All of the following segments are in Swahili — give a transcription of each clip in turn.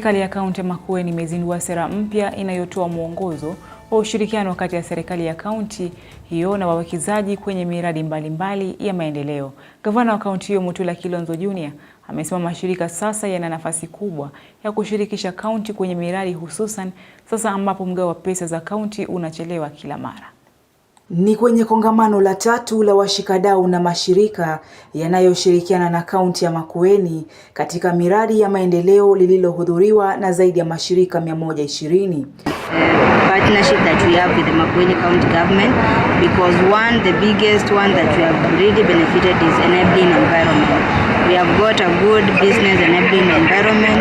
Serikali ya kaunti ya Makueni imezindua sera mpya inayotoa mwongozo wa ushirikiano kati ya serikali ya kaunti hiyo na wawekezaji kwenye miradi mbalimbali ya maendeleo. Gavana wa kaunti hiyo Mutula Kilonzo Junior amesema mashirika sasa yana nafasi kubwa ya kushirikisha kaunti kwenye miradi hususan sasa ambapo mgao wa pesa za kaunti unachelewa kila mara. Ni kwenye kongamano la tatu la washikadau na mashirika yanayoshirikiana na kaunti ya Makueni katika miradi ya maendeleo lililohudhuriwa na zaidi ya mashirika 120. Uh, Partnership that we have with the Makueni County government because one the biggest one that we have really benefited is enabling environment. We have got a good business enabling environment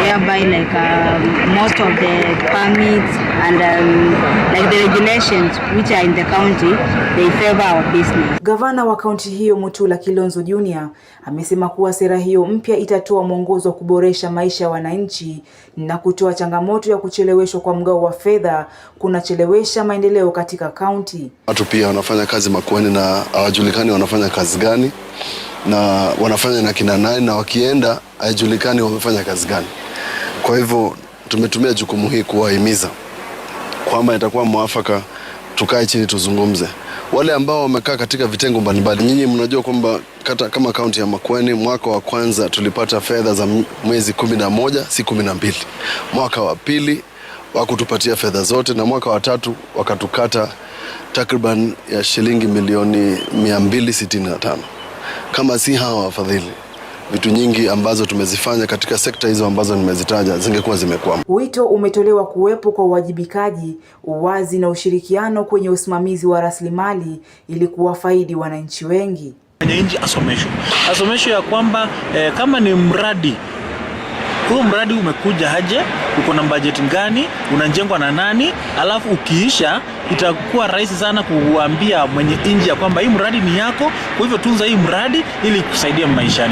whereby like uh, most of the permits and um, like the regulations which are in the county they favor our business. Gavana wa kaunti hiyo Mutula Kilonzo Junior amesema kuwa sera hiyo mpya itatoa mwongozo wa kuboresha maisha ya wananchi na kutoa changamoto ya kucheleweshwa kwa mgao wa fedha kunachelewesha maendeleo katika kaunti. Watu pia wanafanya kazi makuani na hawajulikani wanafanya kazi gani na wanafanya na kina nani na wakienda haijulikani wamefanya kazi gani. Kwa hivyo tumetumia jukumu hii kuwahimiza kwamba itakuwa mwafaka tukae chini tuzungumze. Wale ambao wamekaa katika vitengo mbalimbali, nyinyi mnajua kwamba kata kama kaunti ya Makueni mwaka wa kwanza tulipata fedha za mwezi kumi na moja si kumi na mbili. Mwaka wa pili wakutupatia fedha zote, na mwaka wa tatu wakatukata takriban ya shilingi milioni 265 kama si hawa wafadhili vitu nyingi ambazo tumezifanya katika sekta hizo ambazo nimezitaja zingekuwa zimekwama. Wito umetolewa kuwepo kwa uwajibikaji, uwazi na ushirikiano kwenye usimamizi wa rasilimali ili kuwafaidi wananchi wengi. Kwenye nchi asomesho, asomesho ya kwamba eh, kama ni mradi huu mradi umekuja aje, uko na bajeti gani, unajengwa na nani, alafu ukiisha itakuwa rahisi sana kuambia mwenye nchi ya kwamba hii mradi ni yako, kwa hivyo tunza hii mradi ili kusaidia maishani.